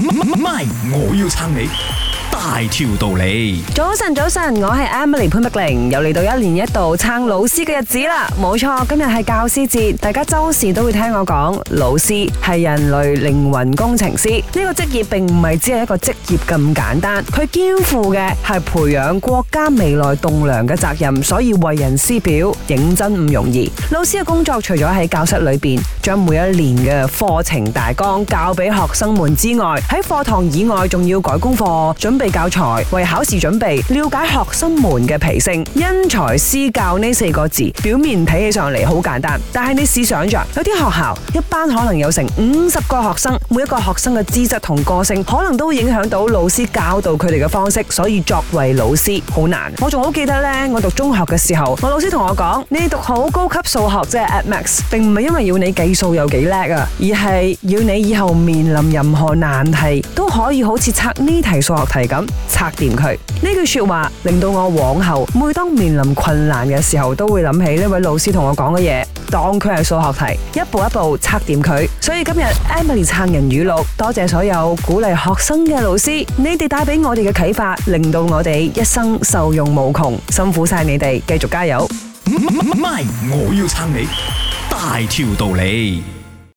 唔，唔，Y, 我要撐你。大條道理，早晨早晨，我係 Emily 潘碧玲，又嚟到一年一度撐老師嘅日子啦。冇錯，今日係教師節，大家周時都會聽我講，老師係人類靈魂工程師呢個職業，並唔係只係一個職業咁簡單，佢肩負嘅係培養國家未來棟樑嘅責任，所以為人師表，認真唔容易。老師嘅工作除咗喺教室裏邊將每一年嘅課程大綱教俾學生們之外，喺課堂以外仲要改功課，準備。教材為考試準備，了解學生們嘅脾性。因材施教呢四個字，表面睇起上嚟好簡單，但係你試想象，有啲學校一班可能有成五十個學生，每一個學生嘅資質同個性，可能都影響到老師教導佢哋嘅方式，所以作為老師好難。我仲好記得呢，我讀中學嘅時候，我老師同我講：你讀好高級數學即係 A Maths，並唔係因為要你計數有幾叻啊，而係要你以後面臨任何難題。可以好似拆呢題數學題咁拆掂佢。呢句說話，令到我往後每當面臨困難嘅時候，都會諗起呢位老師同我講嘅嘢，當佢係數學題，一步一步拆掂佢。所以今日 Emily 撐人語錄，多謝所有鼓勵學生嘅老師，你哋帶俾我哋嘅啟發，令到我哋一生受用無窮。辛苦晒你哋，繼續加油！MY，我要撐你，大條道理。